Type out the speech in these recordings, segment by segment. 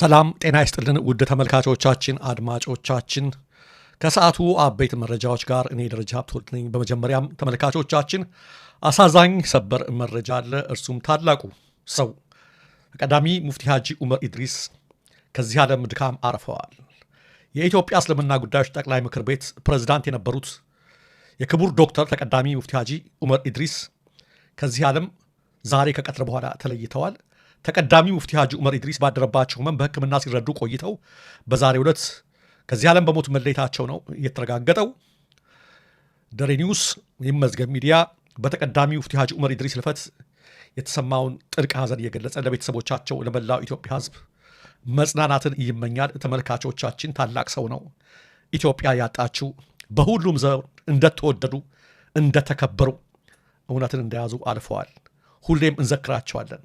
ሰላም ጤና ይስጥልን ውድ ተመልካቾቻችን፣ አድማጮቻችን ከሰዓቱ አበይት መረጃዎች ጋር እኔ ደረጃ ሀብትወልድ ነኝ። በመጀመሪያም ተመልካቾቻችን አሳዛኝ ሰበር መረጃ አለ። እርሱም ታላቁ ሰው ተቀዳሚ ሙፍቲ ሀጂ ዑመር ኢድሪስ ከዚህ ዓለም ድካም አርፈዋል። የኢትዮጵያ እስልምና ጉዳዮች ጠቅላይ ምክር ቤት ፕሬዝዳንት የነበሩት የክቡር ዶክተር ተቀዳሚ ሙፍቲ ሀጂ ዑመር ኢድሪስ ከዚህ ዓለም ዛሬ ከቀትር በኋላ ተለይተዋል። ተቀዳሚ ሙፍቲ ሀጂ ዑመር ኢድሪስ ባደረባቸው ህመም በህክምና ሲረዱ ቆይተው በዛሬው ዕለት ከዚህ ዓለም በሞት መለየታቸው ነው የተረጋገጠው። ደሬ ኒውስ ወይም መዝገብ ሚዲያ በተቀዳሚ ሙፍቲ ሀጂ ዑመር ኢድሪስ ህልፈት የተሰማውን ጥልቅ ሐዘን እየገለጸ ለቤተሰቦቻቸው፣ ለመላው ኢትዮጵያ ህዝብ መጽናናትን ይመኛል። ተመልካቾቻችን ታላቅ ሰው ነው። ኢትዮጵያ ያጣችው በሁሉም ዘር እንደተወደዱ እንደተከበሩ እውነትን እንደያዙ አልፈዋል። ሁሌም እንዘክራቸዋለን።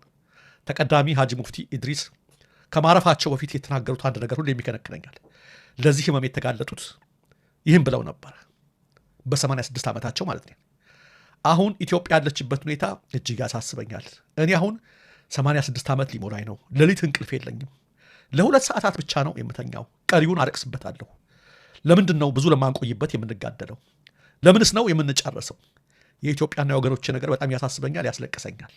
ተቀዳሚ ሀጂ ሙፍቲ ኢድሪስ ከማረፋቸው በፊት የተናገሩት አንድ ነገር ሁሉ የሚከነክነኛል። ለዚህ ህመም የተጋለጡት ይህም ብለው ነበረ በ86 ዓመታቸው ማለት ነው። አሁን ኢትዮጵያ ያለችበት ሁኔታ እጅግ ያሳስበኛል። እኔ አሁን 86 ዓመት ሊሞላኝ ነው። ሌሊት እንቅልፍ የለኝም። ለሁለት ሰዓታት ብቻ ነው የምተኛው፣ ቀሪውን አለቅስበታለሁ። ለምንድን ነው ብዙ ለማንቆይበት የምንጋደለው? ለምንስ ነው የምንጨረሰው? የኢትዮጵያና የወገኖች ነገር በጣም ያሳስበኛል፣ ያስለቅሰኛል።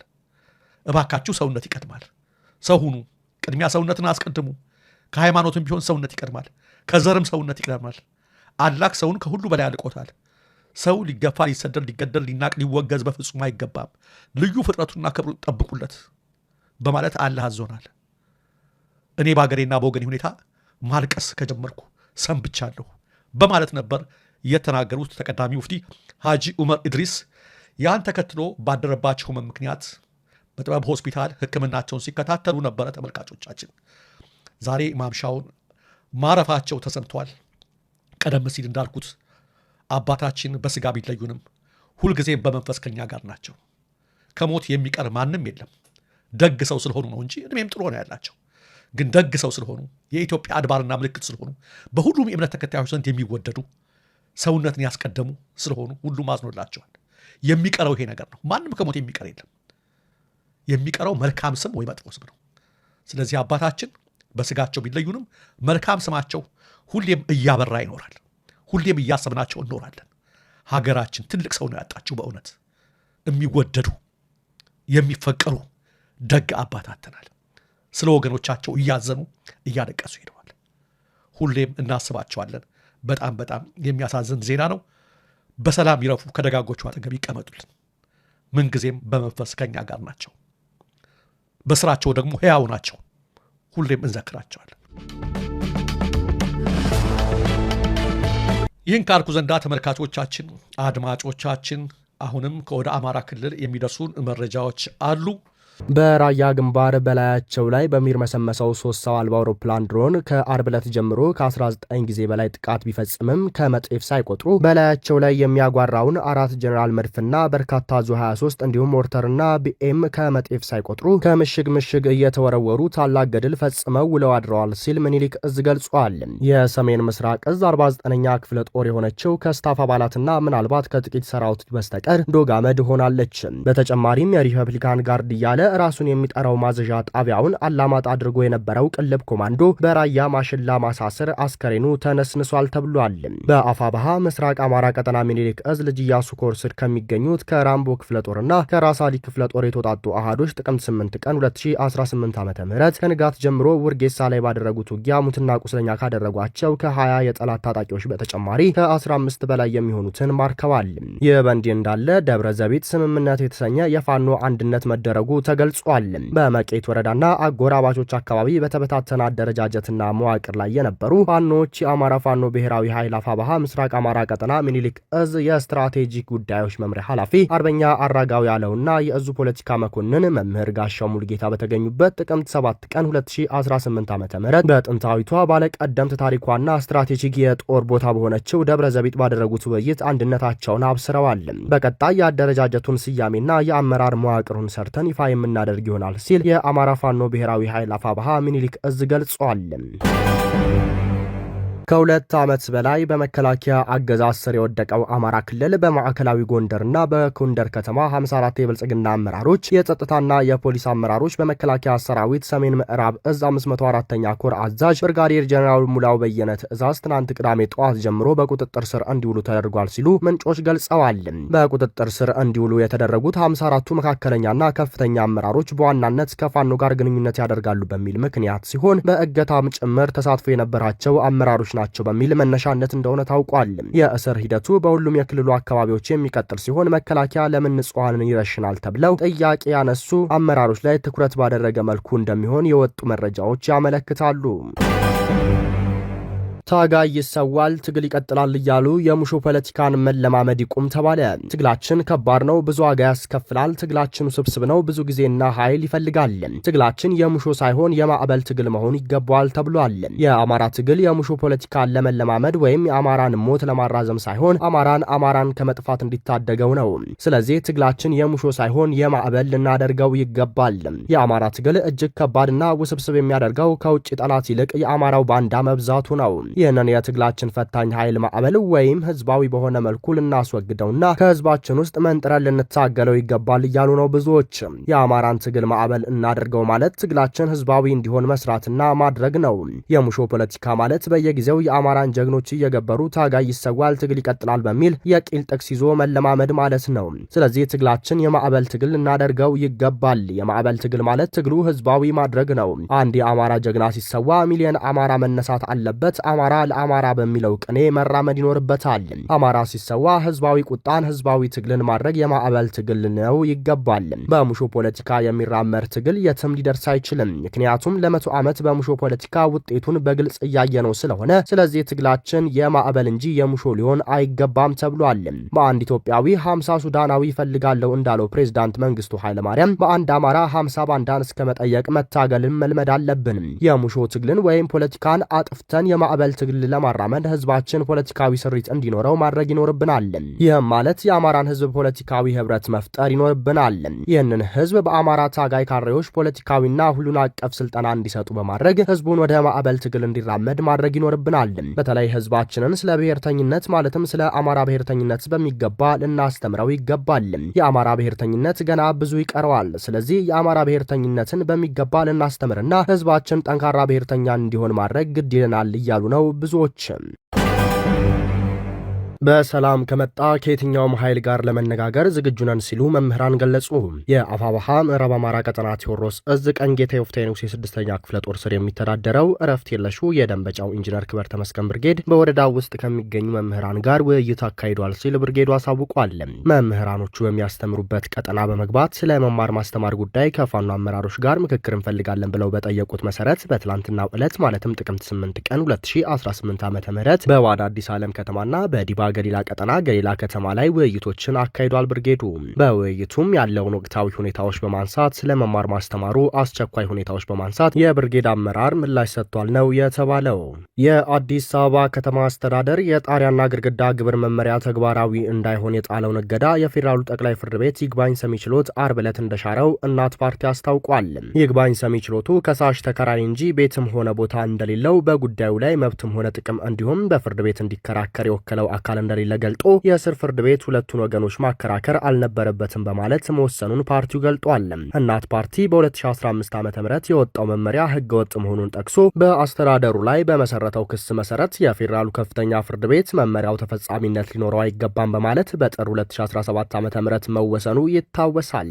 እባካችሁ ሰውነት ይቀድማል። ሰው ሁኑ። ቅድሚያ ሰውነትን አስቀድሙ። ከሃይማኖትም ቢሆን ሰውነት ይቀድማል። ከዘርም ሰውነት ይቀድማል። አላክ ሰውን ከሁሉ በላይ አልቆታል። ሰው ሊገፋ፣ ሊሰደድ፣ ሊገደል፣ ሊናቅ፣ ሊወገዝ በፍጹም አይገባም። ልዩ ፍጥረቱና ክብሩ ጠብቁለት በማለት አላህ አዞናል። እኔ በአገሬና በወገኔ ሁኔታ ማልቀስ ከጀመርኩ ሰንብቻለሁ በማለት ነበር የተናገሩት ተቀዳሚ ሙፍቲ ሐጂ ዑመር ኢድሪስ። ያን ተከትሎ ባደረባቸው ምክንያት በጥበብ ሆስፒታል ህክምናቸውን ሲከታተሉ ነበረ። ተመልካቾቻችን ዛሬ ማምሻውን ማረፋቸው ተሰምተዋል ቀደም ሲል እንዳልኩት አባታችን በስጋ ቢለዩንም ሁልጊዜም በመንፈስ ከኛ ጋር ናቸው። ከሞት የሚቀር ማንም የለም። ደግ ሰው ስለሆኑ ነው እንጂ እድሜም ጥሩ ነው ያላቸው። ግን ደግ ሰው ስለሆኑ የኢትዮጵያ አድባርና ምልክት ስለሆኑ በሁሉም የእምነት ተከታዮች ዘንድ የሚወደዱ ሰውነትን ያስቀደሙ ስለሆኑ ሁሉም አዝኖላቸዋል። የሚቀረው ይሄ ነገር ነው። ማንም ከሞት የሚቀር የለም። የሚቀረው መልካም ስም ወይ መጥፎ ስም ነው። ስለዚህ አባታችን በስጋቸው ቢለዩንም መልካም ስማቸው ሁሌም እያበራ ይኖራል። ሁሌም እያሰብናቸው እንኖራለን። ሀገራችን ትልቅ ሰው ነው ያጣችው። በእውነት የሚወደዱ የሚፈቀሩ ደግ አባታተናል። ስለ ወገኖቻቸው እያዘኑ እያለቀሱ ሄደዋል። ሁሌም እናስባቸዋለን። በጣም በጣም የሚያሳዝን ዜና ነው። በሰላም ይረፉ፣ ከደጋጎቹ አጠገብ ይቀመጡልን። ምንጊዜም በመንፈስ ከኛ ጋር ናቸው። በስራቸው ደግሞ ህያው ናቸው። ሁሌም እንዘክራቸዋለን። ይህን ካልኩ ዘንዳ ተመልካቾቻችን፣ አድማጮቻችን አሁንም ከወደ አማራ ክልል የሚደርሱን መረጃዎች አሉ። በራያ ግንባር በላያቸው ላይ በሚርመሰመሰው ሶስት ሰው አልባ አውሮፕላን ድሮን ከአርብ ዕለት ጀምሮ ከ19 ጊዜ በላይ ጥቃት ቢፈጽምም ከመጤፍ ሳይቆጥሩ በላያቸው ላይ የሚያጓራውን አራት ጀኔራል መድፍና በርካታ ዙ 23 እንዲሁም ሞርተርና ቢኤም ከመጤፍ ሳይቆጥሩ ከምሽግ ምሽግ እየተወረወሩ ታላቅ ገድል ፈጽመው ውለው አድረዋል ሲል ምኒልክ እዝ ገልጿል። የሰሜን ምስራቅ እዝ 49ኛ ክፍለ ጦር የሆነችው ከስታፍ አባላትና ምናልባት ከጥቂት ሰራዊት በስተቀር ዶጋመድ ሆናለች። በተጨማሪም የሪፐብሊካን ጋርድ እያለ እያለ ራሱን የሚጠራው ማዘዣ ጣቢያውን አላማት አድርጎ የነበረው ቅልብ ኮማንዶ በራያ ማሽላ ስር አስከሬኑ ተነስንሷል ተብሏል። በአፋባሃ ምስራቅ አማራ ቀጠና ሚኒሊክ እዝ ልጅ ኢያሱ ኮር ስር ከሚገኙት ከራምቦ ክፍለ ጦርና ከራሳሊ ክፍለ ጦር የተውጣጡ አሃዶች ጥቅምት 8 ቀን 2018 ዓ ም ከንጋት ጀምሮ ውርጌሳ ላይ ባደረጉት ውጊያ ሙትና ቁስለኛ ካደረጓቸው ከ20 የጠላት ታጣቂዎች በተጨማሪ ከ15 በላይ የሚሆኑትን ማርከዋል። ይህ በእንዲህ እንዳለ ደብረ ዘቢት ስምምነት የተሰኘ የፋኖ አንድነት መደረጉ ተገልጿል። በመቄት ወረዳና አጎራባቾች አካባቢ በተበታተነ አደረጃጀትና መዋቅር ላይ የነበሩ ፋኖዎች የአማራ ፋኖ ብሔራዊ ኃይል አፋባሃ ምስራቅ አማራ ቀጠና ሚኒሊክ እዝ የስትራቴጂክ ጉዳዮች መምሪያ ኃላፊ አርበኛ አራጋው ያለውና የእዙ ፖለቲካ መኮንን መምህር ጋሻው ሙልጌታ በተገኙበት ጥቅምት 7 ቀን 2018 ዓ ም በጥንታዊቷ ባለቀደምት ታሪኳና ስትራቴጂክ የጦር ቦታ በሆነችው ደብረ ዘቢጥ ባደረጉት ውይይት አንድነታቸውን አብስረዋል። በቀጣይ የአደረጃጀቱን ስያሜና የአመራር መዋቅሩን ሰርተን ይፋ የምናደርግ ይሆናል ሲል የአማራ ፋኖ ብሔራዊ ኃይል አፋብሃ ሚኒሊክ እዝ ገልጿል። ከሁለት ዓመት በላይ በመከላከያ አገዛዝ ስር የወደቀው አማራ ክልል በማዕከላዊ ጎንደርና በኮንደር ከተማ 54 የብልጽግና አመራሮች፣ የጸጥታና የፖሊስ አመራሮች በመከላከያ ሰራዊት ሰሜን ምዕራብ እዝ 54ኛ ኮር አዛዥ ብርጋዴር ጀኔራል ሙላው በየነ እዛዝ ትናንት ቅዳሜ ጠዋት ጀምሮ በቁጥጥር ስር እንዲውሉ ተደርጓል ሲሉ ምንጮች ገልጸዋል። በቁጥጥር ስር እንዲውሉ የተደረጉት 54ቱ መካከለኛና ከፍተኛ አመራሮች በዋናነት ከፋኖ ጋር ግንኙነት ያደርጋሉ በሚል ምክንያት ሲሆን በእገታም ጭምር ተሳትፎ የነበራቸው አመራሮች ናቸው በሚል መነሻነት እንደሆነ ታውቋል። የእስር ሂደቱ በሁሉም የክልሉ አካባቢዎች የሚቀጥል ሲሆን መከላከያ ለምን ንጹሐንን ይረሽናል ተብለው ጥያቄ ያነሱ አመራሮች ላይ ትኩረት ባደረገ መልኩ እንደሚሆን የወጡ መረጃዎች ያመለክታሉ። ታጋይ ይሰዋል፣ ትግል ይቀጥላል እያሉ የሙሾ ፖለቲካን መለማመድ ይቁም ተባለ። ትግላችን ከባድ ነው፣ ብዙ ዋጋ ያስከፍላል። ትግላችን ውስብስብ ነው፣ ብዙ ጊዜና ኃይል ይፈልጋል። ትግላችን የሙሾ ሳይሆን የማዕበል ትግል መሆን ይገባዋል ተብሏል። የአማራ ትግል የሙሾ ፖለቲካን ለመለማመድ ወይም የአማራን ሞት ለማራዘም ሳይሆን አማራን አማራን ከመጥፋት እንዲታደገው ነው። ስለዚህ ትግላችን የሙሾ ሳይሆን የማዕበል ልናደርገው ይገባል። የአማራ ትግል እጅግ ከባድና ውስብስብ የሚያደርገው ከውጭ ጠላት ይልቅ የአማራው ባንዳ መብዛቱ ነው። ይህንን የትግላችን ፈታኝ ኃይል ማዕበል ወይም ህዝባዊ በሆነ መልኩ ልናስወግደውና ከህዝባችን ውስጥ መንጥረን ልንታገለው ይገባል እያሉ ነው ብዙዎች። የአማራን ትግል ማዕበል እናደርገው ማለት ትግላችን ህዝባዊ እንዲሆን መስራትና ማድረግ ነው። የሙሾ ፖለቲካ ማለት በየጊዜው የአማራን ጀግኖች እየገበሩ ታጋይ ይሰዋል፣ ትግል ይቀጥላል በሚል የቂል ጥቅስ ይዞ መለማመድ ማለት ነው። ስለዚህ ትግላችን የማዕበል ትግል ልናደርገው ይገባል። የማዕበል ትግል ማለት ትግሉ ህዝባዊ ማድረግ ነው። አንድ የአማራ ጀግና ሲሰዋ ሚሊዮን አማራ መነሳት አለበት። አማራ ለአማራ በሚለው ቅኔ መራመድ ይኖርበታል። አማራ ሲሰዋ ህዝባዊ ቁጣን፣ ህዝባዊ ትግልን ማድረግ የማዕበል ትግል ነው ይገባል። በሙሾ ፖለቲካ የሚራመድ ትግል የትም ሊደርስ አይችልም። ምክንያቱም ለመቶ ዓመት በሙሾ ፖለቲካ ውጤቱን በግልጽ እያየ ነው ስለሆነ፣ ስለዚህ ትግላችን የማዕበል እንጂ የሙሾ ሊሆን አይገባም ተብሏል። በአንድ ኢትዮጵያዊ ሀምሳ ሱዳናዊ ይፈልጋለሁ እንዳለው ፕሬዝዳንት መንግስቱ ኃይለማርያም በአንድ አማራ ሀምሳ ባንዳን እስከ መጠየቅ መታገልን መልመድ አለብን። የሙሾ ትግልን ወይም ፖለቲካን አጥፍተን የማዕበል የትግል ትግል ለማራመድ ህዝባችን ፖለቲካዊ ስሪት እንዲኖረው ማድረግ ይኖርብናል። ይህም ማለት የአማራን ህዝብ ፖለቲካዊ ህብረት መፍጠር ይኖርብናል። ይህንን ህዝብ በአማራ ታጋይ ካሬዎች ፖለቲካዊና ሁሉን አቀፍ ስልጠና እንዲሰጡ በማድረግ ህዝቡን ወደ ማዕበል ትግል እንዲራመድ ማድረግ ይኖርብናል። በተለይ ህዝባችንን ስለ ብሔርተኝነት ማለትም ስለ አማራ ብሔርተኝነት በሚገባ ልናስተምረው ይገባል። የአማራ ብሔርተኝነት ገና ብዙ ይቀረዋል። ስለዚህ የአማራ ብሔርተኝነትን በሚገባ ልናስተምርና ህዝባችን ጠንካራ ብሔርተኛ እንዲሆን ማድረግ ግድ ይለናል እያሉ ነው ብዙዎችም በሰላም ከመጣ ከየትኛውም ኃይል ጋር ለመነጋገር ዝግጁ ነን ሲሉ መምህራን ገለጹ። የአፋባሃ ምዕራብ አማራ ቀጠና ቴዎድሮስ እዝ ቀንጌታ ዮፍታይ ንጉሴ የስድስተኛ ክፍለ ጦር ስር የሚተዳደረው እረፍት የለሹ የደንበጫው ኢንጂነር ክበር ተመስገን ብርጌድ በወረዳው ውስጥ ከሚገኙ መምህራን ጋር ውይይት አካሂዷል ሲል ብርጌዱ አሳውቋል። መምህራኖቹ በሚያስተምሩበት ቀጠና በመግባት ስለ መማር ማስተማር ጉዳይ ከፋኖ አመራሮች ጋር ምክክር እንፈልጋለን ብለው በጠየቁት መሰረት በትላንትናው ዕለት ማለትም ጥቅምት 8 ቀን 2018 ዓ ም በዋዳ አዲስ ዓለም ከተማና በዲባ ገሊላ ቀጠና ገሊላ ከተማ ላይ ውይይቶችን አካሂዷል። ብርጌዱ በውይይቱም ያለውን ወቅታዊ ሁኔታዎች በማንሳት ስለ መማር ማስተማሩ አስቸኳይ ሁኔታዎች በማንሳት የብርጌድ አመራር ምላሽ ሰጥቷል ነው የተባለው። የአዲስ አበባ ከተማ አስተዳደር የጣሪያና ግድግዳ ግብር መመሪያ ተግባራዊ እንዳይሆን የጣለውን እገዳ የፌዴራሉ ጠቅላይ ፍርድ ቤት ይግባኝ ሰሚ ችሎት አርብ ዕለት እንደሻረው እናት ፓርቲ አስታውቋል። ይግባኝ ሰሚ ችሎቱ ከሳሽ ተከራሪ እንጂ ቤትም ሆነ ቦታ እንደሌለው በጉዳዩ ላይ መብትም ሆነ ጥቅም እንዲሁም በፍርድ ቤት እንዲከራከር የወከለው አካል እንደሌለ ገልጦ የስር ፍርድ ቤት ሁለቱን ወገኖች ማከራከር አልነበረበትም በማለት መወሰኑን ፓርቲው ገልጧል። እናት ፓርቲ በ2015 ዓ ም የወጣው መመሪያ ህገወጥ መሆኑን ጠቅሶ በአስተዳደሩ ላይ በመሰረተው ክስ መሰረት የፌዴራሉ ከፍተኛ ፍርድ ቤት መመሪያው ተፈጻሚነት ሊኖረው አይገባም በማለት በጥር 2017 ዓ ም መወሰኑ ይታወሳል።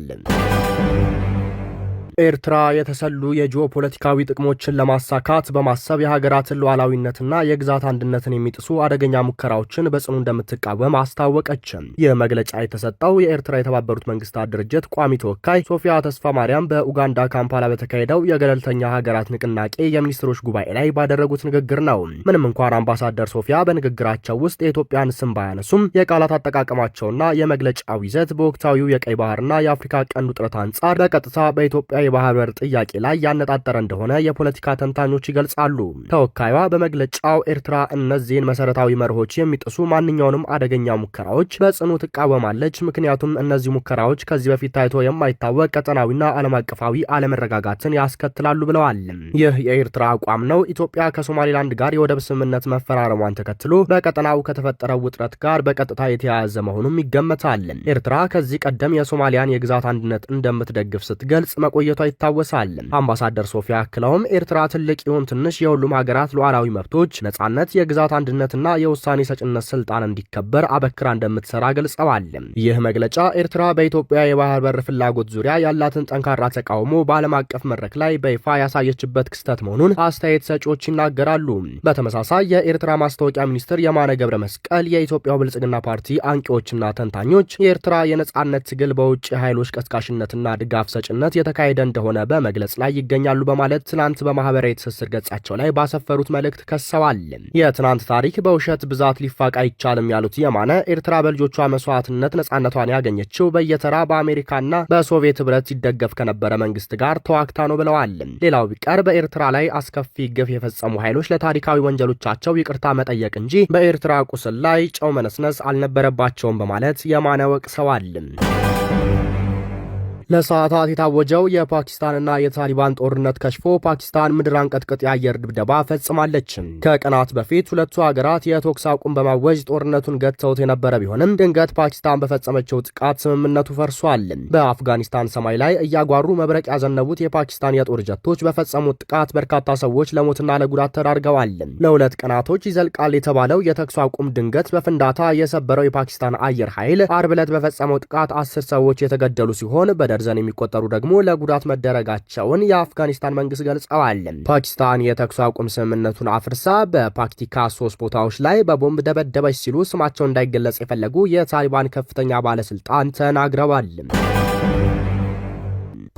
ኤርትራ የተሰሉ የጂኦፖለቲካዊ ጥቅሞችን ለማሳካት በማሰብ የሀገራትን ሉዓላዊነትና የግዛት አንድነትን የሚጥሱ አደገኛ ሙከራዎችን በጽኑ እንደምትቃወም አስታወቀችም። ይህ መግለጫ የተሰጠው የኤርትራ የተባበሩት መንግስታት ድርጅት ቋሚ ተወካይ ሶፊያ ተስፋ ማርያም በኡጋንዳ ካምፓላ በተካሄደው የገለልተኛ ሀገራት ንቅናቄ የሚኒስትሮች ጉባኤ ላይ ባደረጉት ንግግር ነው። ምንም እንኳን አምባሳደር ሶፊያ በንግግራቸው ውስጥ የኢትዮጵያን ስም ባያነሱም የቃላት አጠቃቀማቸውና የመግለጫው ይዘት በወቅታዊው የቀይ ባህርና የአፍሪካ ቀንድ ውጥረት አንጻር በቀጥታ በኢትዮጵያ የባህር በር ጥያቄ ላይ ያነጣጠረ እንደሆነ የፖለቲካ ተንታኞች ይገልጻሉ። ተወካይዋ በመግለጫው ኤርትራ እነዚህን መሰረታዊ መርሆች የሚጥሱ ማንኛውንም አደገኛ ሙከራዎች በጽኑ ትቃወማለች። ምክንያቱም እነዚህ ሙከራዎች ከዚህ በፊት ታይቶ የማይታወቅ ቀጠናዊና ዓለም አቀፋዊ አለመረጋጋትን ያስከትላሉ ብለዋል። ይህ የኤርትራ አቋም ነው። ኢትዮጵያ ከሶማሌላንድ ጋር የወደብ ስምምነት መፈራረሟን ተከትሎ በቀጠናው ከተፈጠረው ውጥረት ጋር በቀጥታ የተያያዘ መሆኑም ይገመታል። ኤርትራ ከዚህ ቀደም የሶማሊያን የግዛት አንድነት እንደምትደግፍ ስትገልጽ መቆየቷ ይታወሳል። አምባሳደር ሶፊያ አክለውም ኤርትራ ትልቅ ይሁን ትንሽ የሁሉም ሀገራት ሉዓላዊ መብቶች፣ ነጻነት፣ የግዛት አንድነትና የውሳኔ ሰጭነት ስልጣን እንዲከበር አበክራ እንደምትሰራ ገልጸዋል። ይህ መግለጫ ኤርትራ በኢትዮጵያ የባህር በር ፍላጎት ዙሪያ ያላትን ጠንካራ ተቃውሞ በዓለም አቀፍ መድረክ ላይ በይፋ ያሳየችበት ክስተት መሆኑን አስተያየት ሰጪዎች ይናገራሉ። በተመሳሳይ የኤርትራ ማስታወቂያ ሚኒስትር የማነ ገብረ መስቀል የኢትዮጵያው ብልጽግና ፓርቲ አንቂዎችና ተንታኞች የኤርትራ የነጻነት ትግል በውጭ ኃይሎች ቀስቃሽነትና ድጋፍ ሰጭነት የተካሄደ እንደሆነ በመግለጽ ላይ ይገኛሉ በማለት ትናንት በማህበራዊ ትስስር ገጻቸው ላይ ባሰፈሩት መልእክት ከሰዋል። የትናንት ታሪክ በውሸት ብዛት ሊፋቅ አይቻልም ያሉት የማነ ኤርትራ በልጆቿ መስዋዕትነት ነጻነቷን ያገኘችው በየተራ በአሜሪካና በሶቪየት ህብረት ሲደገፍ ከነበረ መንግስት ጋር ተዋግታ ነው ብለዋል። ሌላው ቢቀር በኤርትራ ላይ አስከፊ ግፍ የፈጸሙ ኃይሎች ለታሪካዊ ወንጀሎቻቸው ይቅርታ መጠየቅ እንጂ በኤርትራ ቁስል ላይ ጨው መነስነስ አልነበረባቸውም በማለት የማነ ወቅሰዋል። ለሰዓታት የታወጀው የፓኪስታንና የታሊባን ጦርነት ከሽፎ ፓኪስታን ምድር አንቀጥቅጥ የአየር ድብደባ ፈጽማለች። ከቀናት በፊት ሁለቱ ሀገራት የተኩስ አቁም በማወጅ ጦርነቱን ገጥተውት የነበረ ቢሆንም ድንገት ፓኪስታን በፈጸመችው ጥቃት ስምምነቱ ፈርሷል። በአፍጋኒስታን ሰማይ ላይ እያጓሩ መብረቅ ያዘነቡት የፓኪስታን የጦር ጀቶች በፈጸሙት ጥቃት በርካታ ሰዎች ለሞትና ለጉዳት ተዳርገዋል። ለሁለት ቀናቶች ይዘልቃል የተባለው የተኩስ አቁም ድንገት በፍንዳታ የሰበረው የፓኪስታን አየር ኃይል አርብ ዕለት በፈጸመው ጥቃት አስር ሰዎች የተገደሉ ሲሆን በደ ደርዘን የሚቆጠሩ ደግሞ ለጉዳት መደረጋቸውን የአፍጋኒስታን መንግስት ገልጸዋል። ፓኪስታን የተኩስ አቁም ስምምነቱን አፍርሳ በፓክቲካ ሶስት ቦታዎች ላይ በቦምብ ደበደበች ሲሉ ስማቸው እንዳይገለጽ የፈለጉ የታሊባን ከፍተኛ ባለስልጣን ተናግረዋል።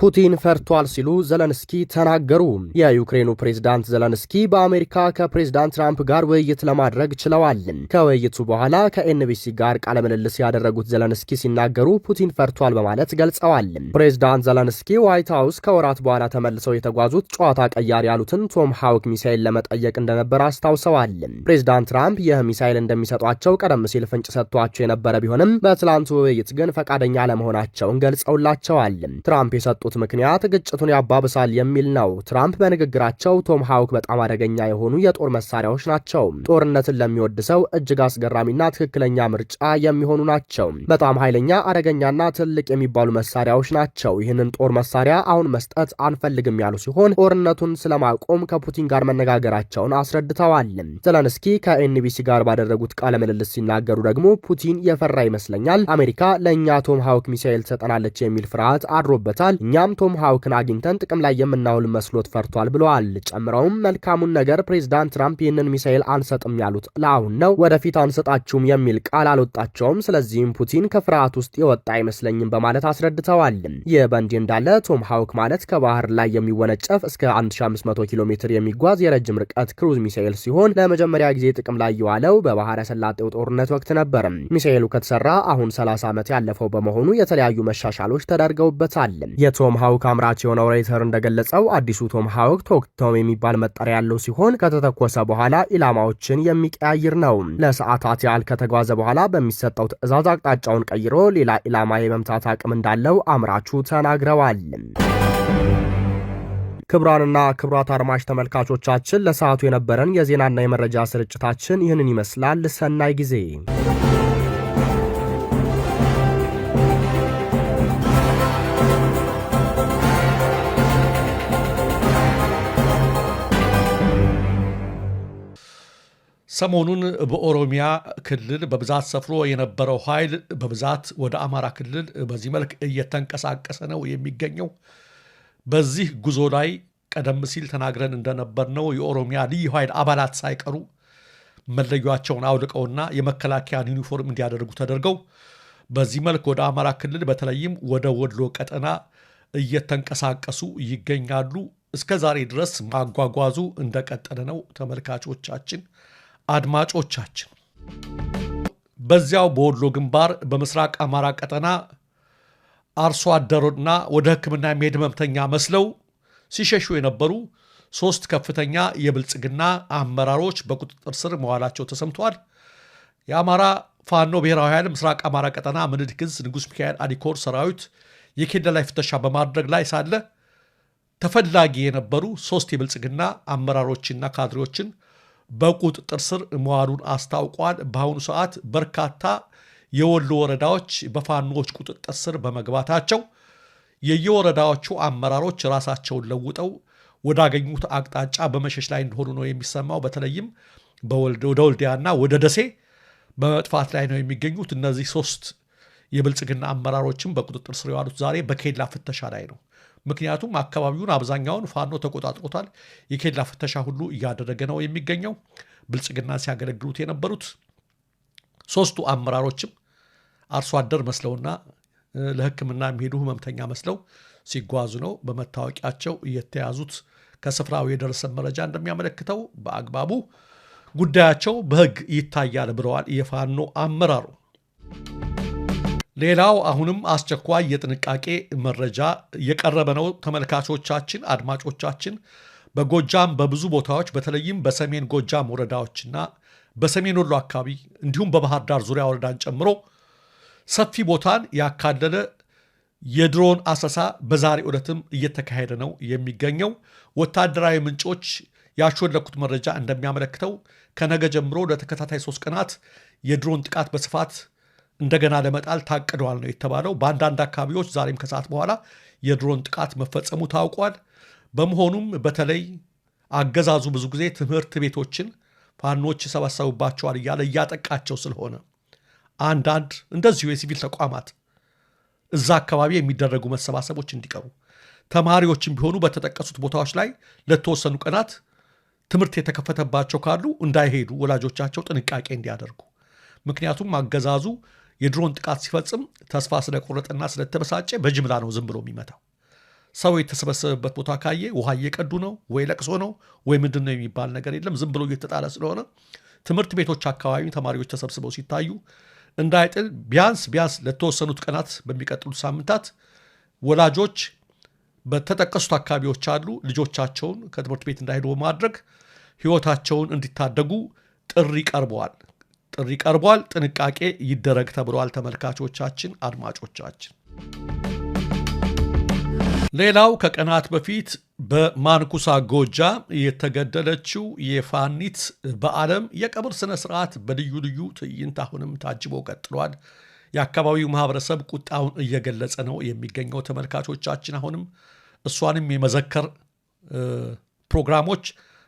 ፑቲን ፈርቷል ሲሉ ዘለንስኪ ተናገሩ። የዩክሬኑ ፕሬዝዳንት ዘለንስኪ በአሜሪካ ከፕሬዝዳንት ትራምፕ ጋር ውይይት ለማድረግ ችለዋል። ከውይይቱ በኋላ ከኤንቢሲ ጋር ቃለምልልስ ያደረጉት ዘለንስኪ ሲናገሩ ፑቲን ፈርቷል በማለት ገልጸዋል። ፕሬዝዳንት ዘለንስኪ ዋይት ሀውስ ከወራት በኋላ ተመልሰው የተጓዙት ጨዋታ ቀያር ያሉትን ቶም ሀውክ ሚሳይል ለመጠየቅ እንደነበር አስታውሰዋል። ፕሬዝዳንት ትራምፕ ይህ ሚሳይል እንደሚሰጧቸው ቀደም ሲል ፍንጭ ሰጥቷቸው የነበረ ቢሆንም በትላንቱ ውይይት ግን ፈቃደኛ ለመሆናቸውን ገልጸውላቸዋል። ትራምፕ የሰጡ ያወጡት ምክንያት ግጭቱን ያባብሳል የሚል ነው። ትራምፕ በንግግራቸው ቶም ሃውክ በጣም አደገኛ የሆኑ የጦር መሳሪያዎች ናቸው፣ ጦርነትን ለሚወድ ሰው እጅግ አስገራሚና ትክክለኛ ምርጫ የሚሆኑ ናቸው፣ በጣም ኃይለኛ አደገኛና ትልቅ የሚባሉ መሳሪያዎች ናቸው። ይህንን ጦር መሳሪያ አሁን መስጠት አንፈልግም ያሉ ሲሆን ጦርነቱን ስለማቆም ከፑቲን ጋር መነጋገራቸውን አስረድተዋል። ዘለንስኪ ከኤንቢሲ ጋር ባደረጉት ቃለ ምልልስ ሲናገሩ ደግሞ ፑቲን የፈራ ይመስለኛል። አሜሪካ ለእኛ ቶም ሃውክ ሚሳኤል ትሰጠናለች የሚል ፍርሃት አድሮበታል። እኛም ቶም ሀውክን አግኝተን ጥቅም ላይ የምናውል መስሎት ፈርቷል ብለዋል። ጨምረውም መልካሙን ነገር ፕሬዚዳንት ትራምፕ ይህንን ሚሳኤል አንሰጥም ያሉት ለአሁን ነው፣ ወደፊት አንሰጣችሁም የሚል ቃል አልወጣቸውም። ስለዚህም ፑቲን ከፍርሃት ውስጥ የወጣ አይመስለኝም በማለት አስረድተዋል። ይህ በእንዲህ እንዳለ ቶም ሀውክ ማለት ከባህር ላይ የሚወነጨፍ እስከ 1500 ኪሎ ሜትር የሚጓዝ የረጅም ርቀት ክሩዝ ሚሳኤል ሲሆን ለመጀመሪያ ጊዜ ጥቅም ላይ የዋለው በባህረ ሰላጤው ጦርነት ወቅት ነበር። ሚሳኤሉ ከተሰራ አሁን 30 ዓመት ያለፈው በመሆኑ የተለያዩ መሻሻሎች ተደርገውበታል። ቶም ሀውክ አምራች የሆነው ሬይተር እንደገለጸው አዲሱ ቶም ሀውክ ቶክ ቶም የሚባል መጠሪያ ያለው ሲሆን ከተተኮሰ በኋላ ኢላማዎችን የሚቀያይር ነው። ለሰዓታት ያህል ከተጓዘ በኋላ በሚሰጠው ትዕዛዝ አቅጣጫውን ቀይሮ ሌላ ኢላማ የመምታት አቅም እንዳለው አምራቹ ተናግረዋል። ክቡራንና ክቡራት አድማጭ ተመልካቾቻችን ለሰዓቱ የነበረን የዜናና የመረጃ ስርጭታችን ይህንን ይመስላል። ሰናይ ጊዜ ሰሞኑን በኦሮሚያ ክልል በብዛት ሰፍሮ የነበረው ኃይል በብዛት ወደ አማራ ክልል በዚህ መልክ እየተንቀሳቀሰ ነው የሚገኘው። በዚህ ጉዞ ላይ ቀደም ሲል ተናግረን እንደነበር ነው የኦሮሚያ ልዩ ኃይል አባላት ሳይቀሩ መለያቸውን አውልቀውና የመከላከያን ዩኒፎርም እንዲያደርጉ ተደርገው በዚህ መልክ ወደ አማራ ክልል በተለይም ወደ ወሎ ቀጠና እየተንቀሳቀሱ ይገኛሉ። እስከ ዛሬ ድረስ ማጓጓዙ እንደቀጠለ ነው ተመልካቾቻችን። አድማጮቻችን በዚያው በወሎ ግንባር በምስራቅ አማራ ቀጠና አርሶ አደሩና ወደ ሕክምና የሚሄድ ህመምተኛ መስለው ሲሸሹ የነበሩ ሶስት ከፍተኛ የብልጽግና አመራሮች በቁጥጥር ስር መዋላቸው ተሰምተዋል። የአማራ ፋኖ ብሔራዊ ኃይል ምስራቅ አማራ ቀጠና ምንድ ግዝ ንጉሥ ሚካኤል አዲኮር ሰራዊት የኬላ ላይ ፍተሻ በማድረግ ላይ ሳለ ተፈላጊ የነበሩ ሶስት የብልጽግና አመራሮችና ካድሬዎችን በቁጥጥር ስር መዋሉን አስታውቋል። በአሁኑ ሰዓት በርካታ የወሎ ወረዳዎች በፋኖዎች ቁጥጥር ስር በመግባታቸው የየወረዳዎቹ አመራሮች ራሳቸውን ለውጠው ወዳገኙት አቅጣጫ በመሸሽ ላይ እንደሆኑ ነው የሚሰማው። በተለይም ወደ ወልዲያና ወደ ደሴ በመጥፋት ላይ ነው የሚገኙት። እነዚህ ሶስት የብልጽግና አመራሮችም በቁጥጥር ስር የዋሉት ዛሬ በኬላ ፍተሻ ላይ ነው። ምክንያቱም አካባቢውን አብዛኛውን ፋኖ ተቆጣጥሮታል። የኬላ ፍተሻ ሁሉ እያደረገ ነው የሚገኘው። ብልጽግና ሲያገለግሉት የነበሩት ሶስቱ አመራሮችም አርሶ አደር መስለውና ለሕክምና የሚሄዱ ህመምተኛ መስለው ሲጓዙ ነው በመታወቂያቸው እየተያዙት። ከስፍራው የደረሰ መረጃ እንደሚያመለክተው በአግባቡ ጉዳያቸው በህግ ይታያል ብለዋል የፋኖ አመራሩ። ሌላው አሁንም አስቸኳይ የጥንቃቄ መረጃ የቀረበ ነው። ተመልካቾቻችን፣ አድማጮቻችን በጎጃም በብዙ ቦታዎች በተለይም በሰሜን ጎጃም ወረዳዎችና በሰሜን ወሎ አካባቢ እንዲሁም በባህር ዳር ዙሪያ ወረዳን ጨምሮ ሰፊ ቦታን ያካለለ የድሮን አሰሳ በዛሬ ዕለትም እየተካሄደ ነው የሚገኘው። ወታደራዊ ምንጮች ያሾለኩት መረጃ እንደሚያመለክተው ከነገ ጀምሮ ለተከታታይ ሶስት ቀናት የድሮን ጥቃት በስፋት እንደገና ለመጣል ታቅደዋል ነው የተባለው። በአንዳንድ አካባቢዎች ዛሬም ከሰዓት በኋላ የድሮን ጥቃት መፈጸሙ ታውቋል። በመሆኑም በተለይ አገዛዙ ብዙ ጊዜ ትምህርት ቤቶችን ፋኖች ይሰበሰቡባቸዋል እያለ እያጠቃቸው ስለሆነ አንዳንድ እንደዚሁ የሲቪል ተቋማት እዛ አካባቢ የሚደረጉ መሰባሰቦች እንዲቀሩ ተማሪዎችም ቢሆኑ በተጠቀሱት ቦታዎች ላይ ለተወሰኑ ቀናት ትምህርት የተከፈተባቸው ካሉ እንዳይሄዱ ወላጆቻቸው ጥንቃቄ እንዲያደርጉ ምክንያቱም አገዛዙ የድሮን ጥቃት ሲፈጽም ተስፋ ስለቆረጠና ስለተበሳጨ በጅምላ ነው ዝም ብሎ የሚመታው። ሰው የተሰበሰበበት ቦታ ካየ ውሃ እየቀዱ ነው ወይ ለቅሶ ነው ወይ ምንድን ነው የሚባል ነገር የለም። ዝም ብሎ እየተጣለ ስለሆነ ትምህርት ቤቶች አካባቢ ተማሪዎች ተሰብስበው ሲታዩ እንዳይጥል ቢያንስ ቢያንስ ለተወሰኑት ቀናት በሚቀጥሉት ሳምንታት ወላጆች በተጠቀሱት አካባቢዎች አሉ ልጆቻቸውን ከትምህርት ቤት እንዳይሄዱ በማድረግ ሕይወታቸውን እንዲታደጉ ጥሪ ቀርበዋል። ጥሪ ቀርቧል። ጥንቃቄ ይደረግ ተብሏል። ተመልካቾቻችን፣ አድማጮቻችን ሌላው ከቀናት በፊት በማንኩሳ ጎጃ የተገደለችው የፋኒት በዓለም የቀብር ስነ ስርዓት በልዩ ልዩ ትዕይንት አሁንም ታጅቦ ቀጥሏል። የአካባቢው ማህበረሰብ ቁጣውን እየገለጸ ነው የሚገኘው። ተመልካቾቻችን አሁንም እሷንም የመዘከር ፕሮግራሞች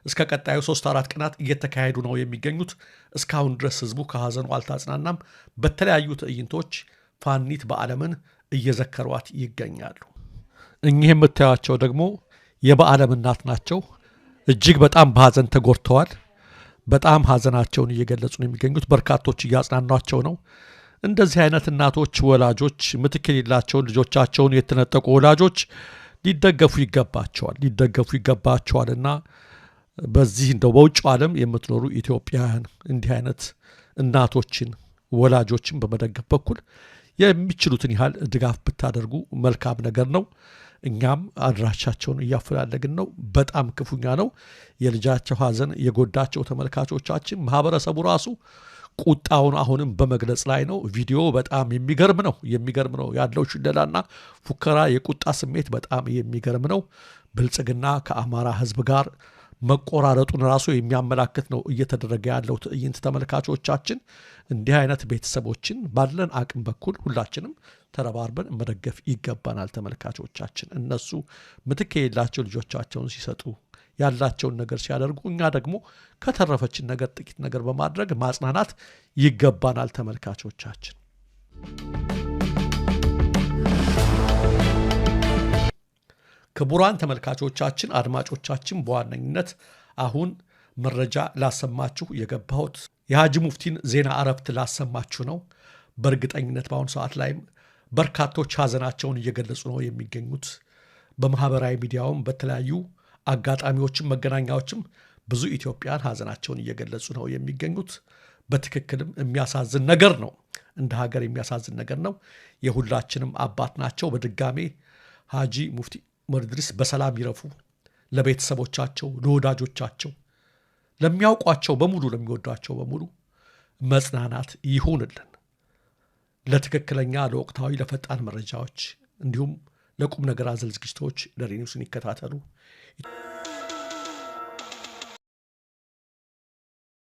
እስከ ቀጣዩ ሶስት አራት ቀናት እየተካሄዱ ነው የሚገኙት። እስካሁን ድረስ ህዝቡ ከሐዘኑ አልታጽናናም። በተለያዩ ትዕይንቶች ፋኒት በዓለምን እየዘከሯት ይገኛሉ። እኚህ የምታያቸው ደግሞ የበዓለም እናት ናቸው። እጅግ በጣም በሐዘን ተጎድተዋል። በጣም ሐዘናቸውን እየገለጹ ነው የሚገኙት። በርካቶች እያጽናኗቸው ነው። እንደዚህ አይነት እናቶች፣ ወላጆች፣ ምትክ የሌላቸውን ልጆቻቸውን የተነጠቁ ወላጆች ሊደገፉ ይገባቸዋል ሊደገፉ ይገባቸዋልና በዚህ እንደው በውጭው ዓለም የምትኖሩ ኢትዮጵያውያን እንዲህ አይነት እናቶችን ወላጆችን በመደገፍ በኩል የሚችሉትን ያህል ድጋፍ ብታደርጉ መልካም ነገር ነው። እኛም አድራሻቸውን እያፈላለግን ነው። በጣም ክፉኛ ነው የልጃቸው ሐዘን የጎዳቸው ተመልካቾቻችን። ማህበረሰቡ ራሱ ቁጣውን አሁንም በመግለጽ ላይ ነው። ቪዲዮ በጣም የሚገርም ነው የሚገርም ነው ያለው ሽለላና ፉከራ፣ የቁጣ ስሜት በጣም የሚገርም ነው። ብልጽግና ከአማራ ህዝብ ጋር መቆራረጡን ራሱ የሚያመላክት ነው እየተደረገ ያለው ትዕይንት። ተመልካቾቻችን እንዲህ አይነት ቤተሰቦችን ባለን አቅም በኩል ሁላችንም ተረባርበን መደገፍ ይገባናል። ተመልካቾቻችን እነሱ ምትክ የሌላቸው ልጆቻቸውን ሲሰጡ ያላቸውን ነገር ሲያደርጉ፣ እኛ ደግሞ ከተረፈችን ነገር ጥቂት ነገር በማድረግ ማጽናናት ይገባናል ተመልካቾቻችን። ክቡራን ተመልካቾቻችን፣ አድማጮቻችን በዋነኝነት አሁን መረጃ ላሰማችሁ የገባሁት የሐጂ ሙፍቲን ዜና እረፍት ላሰማችሁ ነው። በእርግጠኝነት በአሁኑ ሰዓት ላይም በርካቶች ሐዘናቸውን እየገለጹ ነው የሚገኙት። በማህበራዊ ሚዲያውም በተለያዩ አጋጣሚዎችም መገናኛዎችም ብዙ ኢትዮጵያን ሐዘናቸውን እየገለጹ ነው የሚገኙት። በትክክልም የሚያሳዝን ነገር ነው። እንደ ሀገር የሚያሳዝን ነገር ነው። የሁላችንም አባት ናቸው። በድጋሜ ሐጂ ሙፍቲ መድሪስ በሰላም ይረፉ፣ ለቤተሰቦቻቸው፣ ለወዳጆቻቸው፣ ለሚያውቋቸው በሙሉ ለሚወዷቸው በሙሉ መጽናናት ይሁንልን። ለትክክለኛ ለወቅታዊ ለፈጣን መረጃዎች እንዲሁም ለቁም ነገር አዘል ዝግጅቶች ደሬ ይከታተሉ።